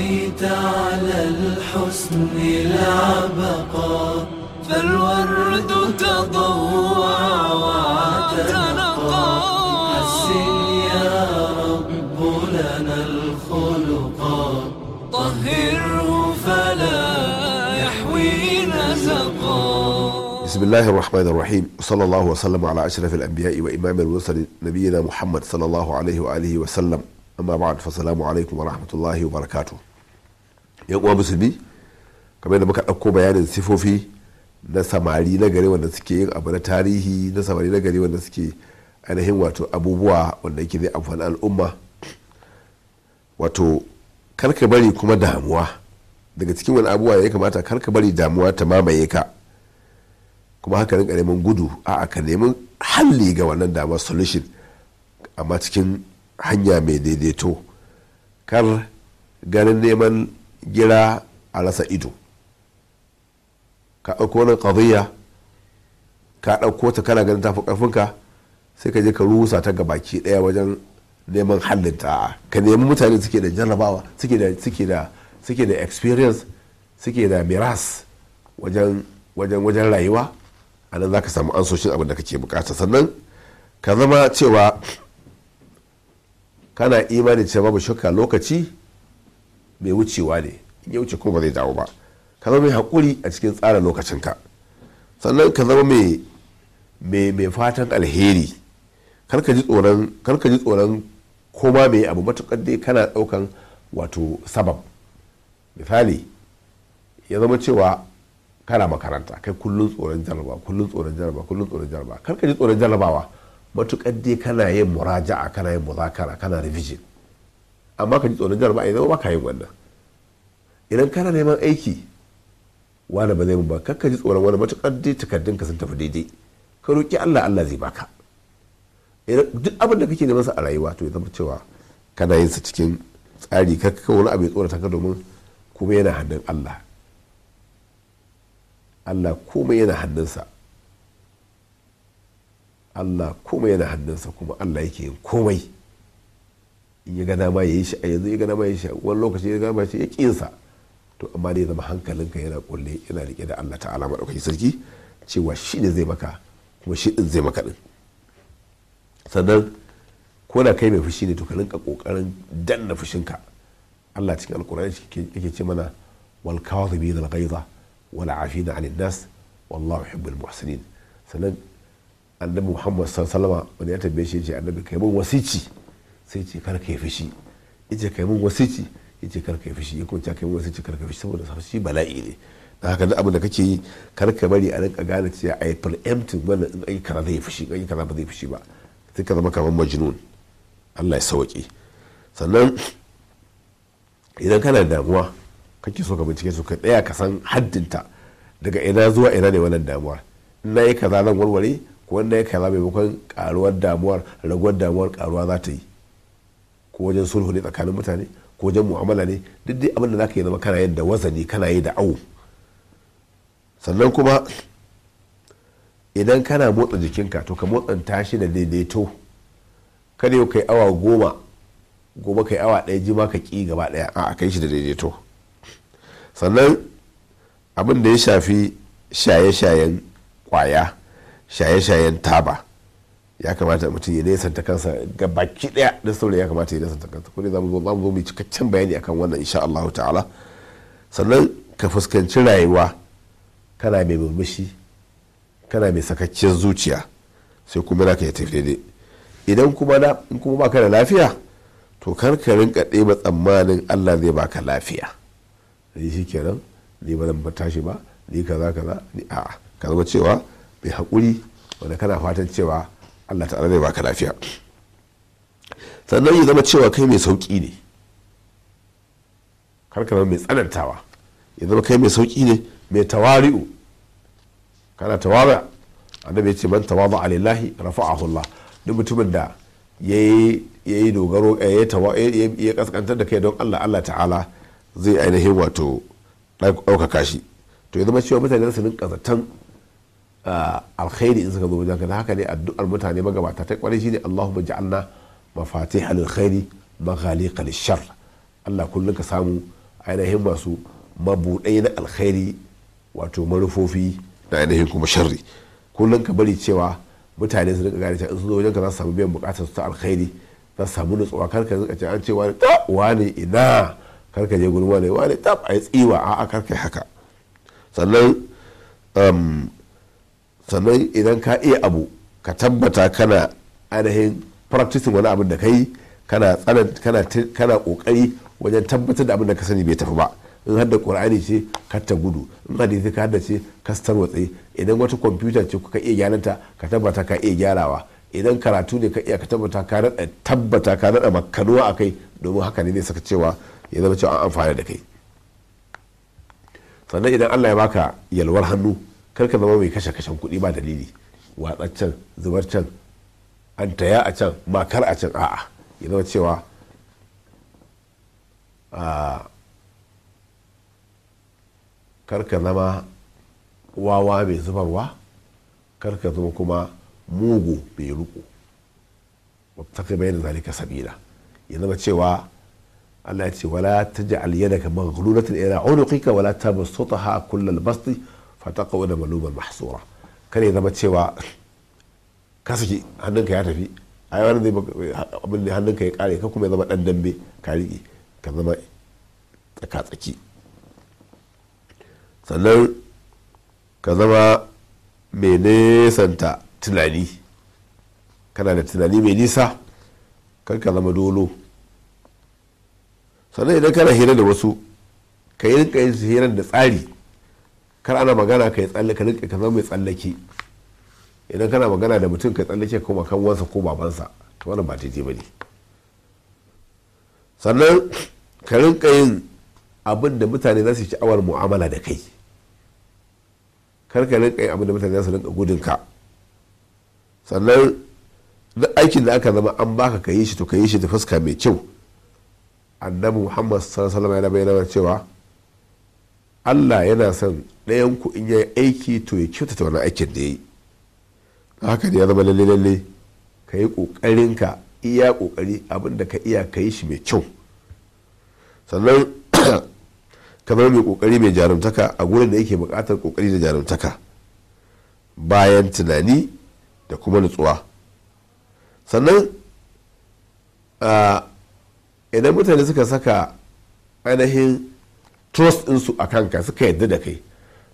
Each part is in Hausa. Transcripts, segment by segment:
بقيت على الحسن لعبقا فالورد تضوع وتنقى حسن يا رب لنا الخلقا طهره فلا يحوي نزقا بسم الله الرحمن الرحيم وصلى الله وسلم على أشرف الأنبياء وإمام الرسل نبينا محمد صلى الله عليه وآله وسلم أما بعد فالسلام عليكم ورحمة الله وبركاته yan uwa musulmi kamar yadda muka ɗauko bayanin sifofi na samari na gari wanda suke yin abu na tarihi na samari na gari wanda suke ainihin wato abubuwa wanda yake zai amfani al'umma wato karka bari kuma damuwa daga cikin wani abubuwa ya kamata karka bari damuwa ta mamaye ka kuma haka rinka neman gudu a ka neman halli ga wannan damuwa solution amma cikin hanya mai daidaito kar ganin neman gira a rasa ido ka ɗauko wani ƙaziyya ka ɗauko ta kana ganin tafi ƙarfinka sai ka je ka rusa ta ga baki ɗaya wajen neman hallin ka nemi mutane suke da jarrabawa suke da suke experience suke da miras wajen wajen rayuwa a nan zaka samu ansoshin abin da kake bukata sannan ka zama cewa kana imani cewa babu shakka lokaci mai wucewa ne in ya wuce ko ba zai dawo ba ka zama mai haƙuri a cikin tsara lokacinka sannan ka zama mai fatan alheri karka ji tsoron koma mai abu matuƙar dai kana ɗaukan wato sabab misali ya zama cewa kana makaranta kai kullum tsoron jarabawa, kullum tsoron jarabawa, kullum tsoron Kar karka ji tsoron jarabawa matuƙar dai kana yin muraja'a kana yin muzakara kana revision amma ka ji tsoron a yi zama baka yin wannan idan kana neman aiki wani ba zai mu ba kakka ji tsoron wani matuƙar dai takardun ka sun tafi daidai ka roƙi Allah Allah zai baka duk abin da kake neman sa a rayuwa to ya zama cewa kana yin sa cikin tsari kakka wani abu ya tsorata ka domin kuma yana hannun Allah Allah komai yana hannunsa Allah komai yana hannunsa kuma Allah yake yin komai ya gana ma ya yi shi a yanzu ya gana ma ya yi shi wani lokaci ya gana ma shi ya kinsa to amma dai zama hankalinka yana kulle yana rike da Allah ta'ala maɗaukaki sarki cewa shi ne zai maka kuma shi ɗin zai maka ɗin sannan ko da kai mai fushi ne to ka rinka ƙoƙarin danna fushinka Allah cikin alkur'ani yake ce mana wal kawazimin al ghaiza wal afina 'anil nas wallahu yuhibbul muhsinin sannan annabi Muhammad sallallahu alaihi wasallam wani ya tambaye shi ya ce annabi kai mun wasici sai ce kar ka yi fushi yace kai mun wasici ce kar ka yi fushi ya kunta kai mun wasici kar ka fushi saboda fushi bala'i ne da haka duk abin da kake yi kar ka bari a rinka gane cewa a ai empty wannan in an yi kaza zai yi fushi in an yi kaza ba zai fushi ba sai ka zama kamar majnun Allah ya sauke sannan idan kana damuwa kake so ka bincike su ka tsaya ka san haddinta daga ina zuwa ina ne wannan damuwa in na yi kaza nan warware ko na yi kaza maimakon karuwar damuwar raguwar damuwar karuwa za ta yi ko wajen sulhu ne tsakanin mutane ko wajen mu'amala ne duk dai abin da zaka yi zama kana yin da wazani kana yi da awo sannan kuma idan kana motsa jikinka to ka motsa tashi da daidaito kada yau kai awa goma gobe kai awa ɗaya jima ka ƙi gaba ɗaya a kai shi da daidaito sannan abin da ya shafi shaye-shayen kwaya shaye-shayen taba ya kamata mutum ya nesanta kansa ga baki daya da saboda ya kamata ya nesanta kansa kuma zamu zo zamu zo mu cikakken bayani akan wannan insha Allah ta'ala sannan ka fuskanci rayuwa kana mai murmushi kana mai sakacciyar zuciya sai kuma ka ya tafi daidai idan kuma na in kuma baka da lafiya to kar ka rinka ɗeba tsammanin Allah zai baka lafiya ni shi kenan ni ba zan tashi ba ni kaza kaza ni a'a ka zama cewa mai haƙuri wanda kana fatan cewa allah ta'ala zai baka lafiya sannan ya zama cewa kai mai sauƙi ne karka zama mai tsanantawa ya zama kai mai sauƙi ne mai tawari'u kana tawara annabi ya ce man tawaza alillahi rafa'ahu allah duk mutumin da eh, ya yi dogaro ya kaskantar da kai don allah allah ta'ala zai ainihin wato ɗaukaka shi to ya zama cewa mutane su rinka zaton Ah, alkhairi in suka zo wajen ka haka ne addu'ar mutane magabata ta kwarai shine Allahumma ja'alna mafatihal alkhairi maghaliqal shar Allah kullun ka samu ainihin masu mabudai na alkhairi wato marufofi na ainihin kuma sharri kullum ka bari cewa mutane su rika gane cewa in su zo wajen ka za su samu biyan bukatar su ta alkhairi za su samu nutsuwa kar ka ce an ce wani ta wani ina karka ka je gurin wani wani ta a yi tsiwa a'a kar yi haka sannan um, sannan idan ka iya abu ka tabbata kana ainihin practicing wani abin da ka yi kana kokari wajen tabbatar da abin da ka sani bai tafi ba in hadda qur'ani ce katta gudu in hadisi ka hada ce kastar watsi idan wata kwamfuta ce ka iya gyananta ka tabbata ka iya gyarawa idan karatu ne ka iya ka tabbata ka rada tabbata ka rada makanuwa a kai domin haka ne zai saka cewa ya zama cewa an amfana da kai sannan idan allah ya baka yalwar hannu kar ka zama mai kashe kashen kuɗi ba dalili watsar can zubar can an taya a can makar a can a'a ya zama cewa kar ka zama wawa mai zubarwa kar zama kuma mugu mai ruku wata bai da zalika sabila ya zama cewa Allah ya ce wala taj'al yadaka a ila kika wala ha kullal basti fataqaw da maluban mahsura kan ya zama cewa ka saki hannunka ya tafi a wani abin da hannunka ya kare ka kuma ya zama dan dambe ka riƙe ka zama tsaka tsaki sannan ka zama mai nesanta tunani kana da tunani mai nisa kan ka zama dolo sannan idan kana hira da wasu ka yi rinka yin hirar da tsari kar ana magana ka yi tsallaka rike ka zama mai tsallake idan kana magana da mutum ka tsallake kuma kan wansa ko babansa to wannan ba daidai ba ne sannan ka rinka yin abin da mutane za su ci awar mu'amala da kai kar ka rinka yin abin da mutane za su rinka gudun ka sannan duk aikin da aka zama an baka ka yi shi to ka yi shi da fuska mai kyau annabi muhammad sallallahu alaihi wasallam ya bayyana cewa allah yana son ɗayan ku in yi aiki to ya kyautata wani aikin da ya yi haka ne ya zama lalle lalle ka yi ƙoƙarin ka iya ƙoƙari abin ka iya ka yi shi mai kyau sannan ka zama mai ƙoƙari mai jarumtaka a gurin da yake buƙatar ƙoƙari da jarumtaka bayan tunani da kuma nutsuwa sannan ah, idan mutane suka saka ainihin trust su a kanka suka yadda da kai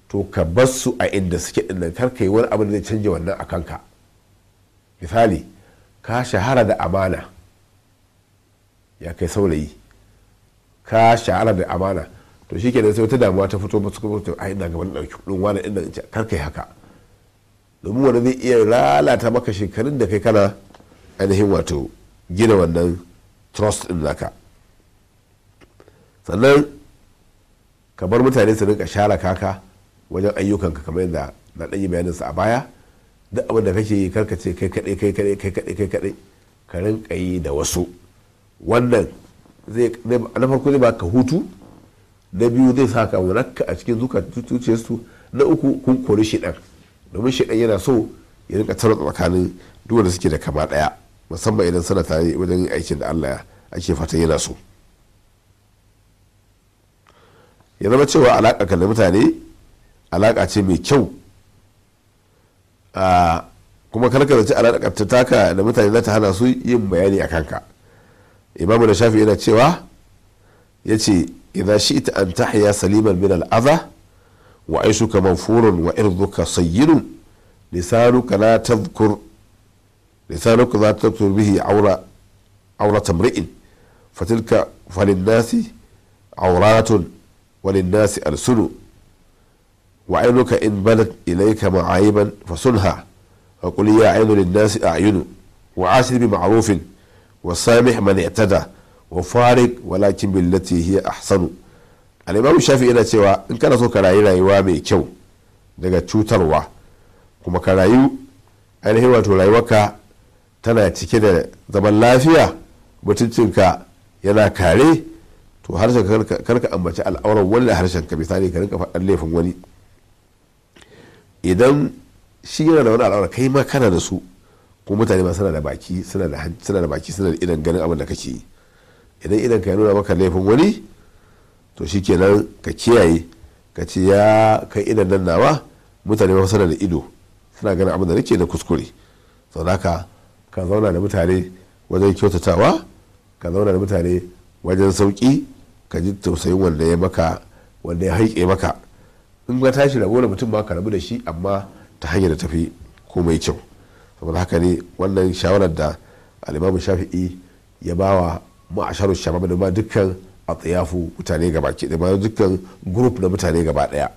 to ka bar su a inda suke ɗinnan kar ka yi wani abin da zai canja wannan a kanka misali ka shahara da amana ya kai saurayi ka shahara da amana to shi kenan sai wata damuwa ta fito masu kuma a ina gaban ɗauki ɗin wani ina kar ka yi haka domin wani zai iya lalata maka shekarun da kai kana ainihin wato gina wannan trust ɗin naka sannan ka bar mutane su rinka share kaka wajen ayyukanka kamar yadda na ɗan yi bayaninsa a baya duk abin da kake yi karka ce kai kaɗai kai kaɗai kai kaɗai kai kaɗai ka rinka yi da wasu wannan zai na farko zai baka hutu na biyu zai sa ka munakka a cikin zuka su na uku kun kori shiɗan domin shiɗan yana so ya rinka tarwatsa tsakanin duk wanda suke da kama ɗaya musamman idan suna tare wajen aikin da Allah ake fata yana so. ya zama cewa alaƙa ka da mutane alaƙa ce mai kyau ah, kuma kar ka zaci alaƙa ta taka da mutane za ta hana su yin bayani a kanka imamu da shafi yana cewa ya ce shi shi'ta an tahya saliman min al'aza wa ka manfurun wa irduka sayyinun lisanuka la tadhkur lisanuka ta tadhkur bihi aura aura tamri'in fatilka falin nasi auratun walin nasi alsuru wa ainu ka in bala ilai ka ma ayiban fasul ha wa kuli ya ainu nasi a wa asir bi ma'arufin wa sami ma ne tada wa fari wala kin bi a sanu alimami shafi ina cewa in kana so ka rayu rayuwa mai kyau daga cutarwa kuma ka rayu ainihin wato rayuwarka tana cike da zaman lafiya mutuncinka yana kare to harshen karka ambaci wani wani harshen ka misali ka rinka faɗan laifin wani idan shi yana da wani al'aura kai ma kana da su ko mutane ma suna da baki suna da suna da baki suna da idan ganin abin da kake yi idan idan ka nuna maka laifin wani to shi kenan ka kiyaye ka ce ya kai idan nan nawa mutane ma suna da ido suna ganin abin da nake da kuskure sau haka ka zauna da mutane wajen kyautatawa ka zauna da mutane wajen sauki ka ji tausayin wanda ya maka wanda ya haike maka in ka tashi rabo da mutum ba ka rabu da shi amma ta hanyar da tafi komai kyau saboda haka ne wannan shawarar da alimamu shafi'i ya bawa sharu shabab da ma dukkan a tsayafu mutane gaba ke da ma dukkan group na mutane gaba daya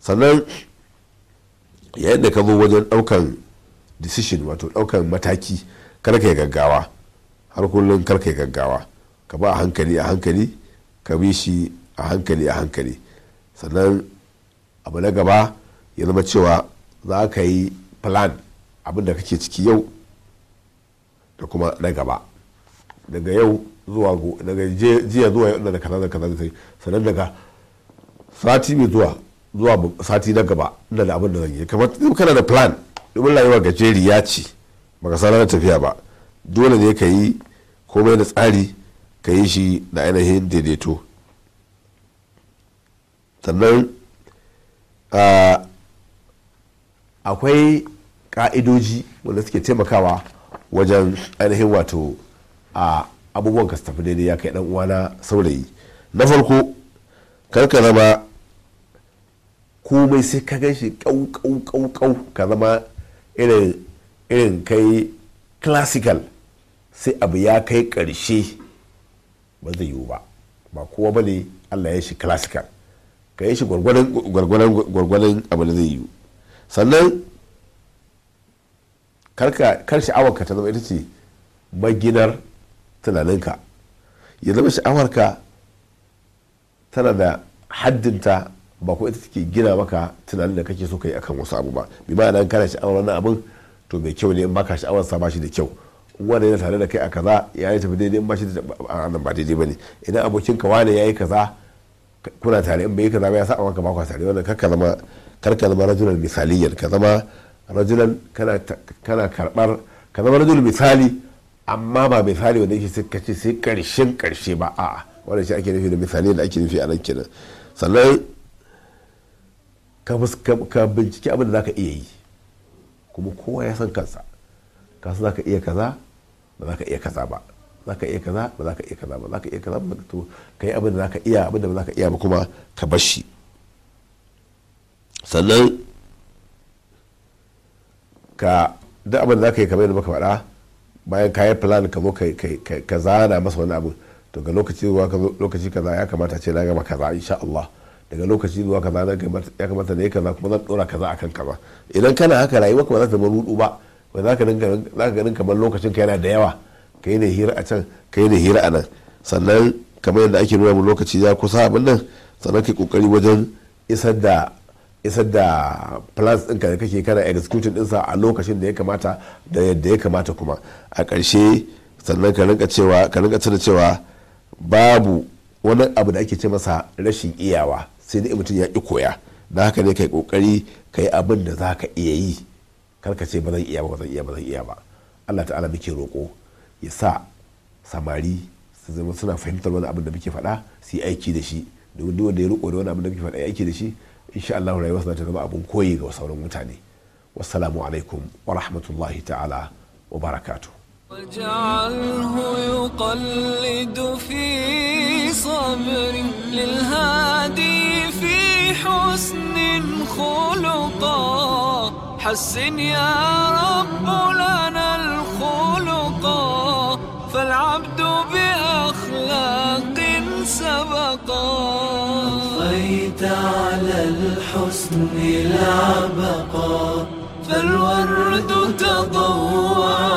sannan yayin da ka zo wajen daukan decision wato daukan mataki kar ka gaggawa har kullum kar ka gaggawa ka ba a hankali a hankali ka bi shi a hankali a hankali sannan abu na gaba ya zama cewa za ka yi plan abin da kake ciki yau da kuma na gaba daga yau zuwa daga jiya zuwa yau da kaza da kaza da sannan daga sati mai zuwa zuwa sati na gaba ina da abin da zan yi kamar kana da plan domin rayuwa gajeriya ce baka sanar da tafiya ba dole ne ka yi komai da tsari ka yi shi da ainihin daidaito sannan akwai ka'idoji wanda suke taimakawa wajen ainihin wato a abubuwan ka tafi daidai ya kai uwana saurayi na farko karka zama komai sai ka gan shi kau-kau-kau ka zama irin kai classical sai abu ya kai ƙarshe ba zai yiwu ba ba kowa ba ne allah ya shi classical ka yi shi gwargwadon abu da zai yiwu sannan kar sha'awarka ta zama ita ce maginar tunaninka ya zama sha'awarka tana da haddinta ba ko ita take gina maka tunanin da kake so ka yi akan wasu abu ba bi ma kana sha'awar wannan abin to mai kyau ne in baka sha'awar sa ba shi da kyau wanda yana tare da kai a kaza ya yi tafi daidai in ba shi da ba daidai ba ne idan abokin ka wane ya yi kaza kuna tare in bai yi kaza ba ya sa maka ba ku tare wannan kar ka zama kar ka zama rajulan misaliyan ka zama rajulan kana kana karbar ka zama rajulan misali amma ba misali wanda yake sai kace sai karshen karshe ba a'a wannan shi ake nufi da misali da ake nufi a nan kenan sannan ka binciki abin da zaka iya yi kuma kowa ya san kansa ka za ka iya kaza ba za ka iya kaza ba za ka iya kaza ba za ka iya kaza ba za ka iya kaza ba to ka yi abin da za ka iya abin da ba za ka iya ba kuma ka bar shi sannan ka duk abin da za ka yi kamar yadda muka faɗa bayan kayan plan ka zo ka zana masa wani abu to ga lokaci zuwa lokaci kaza ya kamata ce na gama kaza insha Allah daga lokaci zuwa kaza ya kamata ne kaza kuma zan dora kaza akan kaza idan kana haka rayuwa kuma za ta zama rudu ba ba za ka ganin kamar lokacin ka yana da yawa ka yi da hira a can ka yi hira a nan sannan kamar yadda ake nuna mu lokaci ya kusa abin nan sannan ka kokari wajen isar da isar da plans ɗinka da kake kana executing ɗinsa a lokacin da ya kamata da yadda ya kamata kuma a ƙarshe sannan ka rinka cewa ka rinka cewa, cewa babu wani abu da ake ce masa rashin iyawa sai dai mutum ya ƙi koya da haka ne kai kokari ka yi abin da za ka iya yi karka ce ba zan iya ba ba zan iya ba zan iya ba Allah ta'ala muke roƙo ya sa samari su zama suna fahimtar wani abin da muke faɗa su yi aiki da shi domin duk wanda ya roƙo da wani abin da muke faɗa ya aiki da shi insha Allah rayuwarsa za ta zama abin koyi ga sauran mutane wassalamu alaikum wa rahmatullahi ta'ala wa barakatuh واجعله يقلد في صبر للهادي في حسن خلقا حسن يا رب لنا الخلق فالعبد بأخلاق سبقا أطفيت على الحسن العبق فالورد تضوعا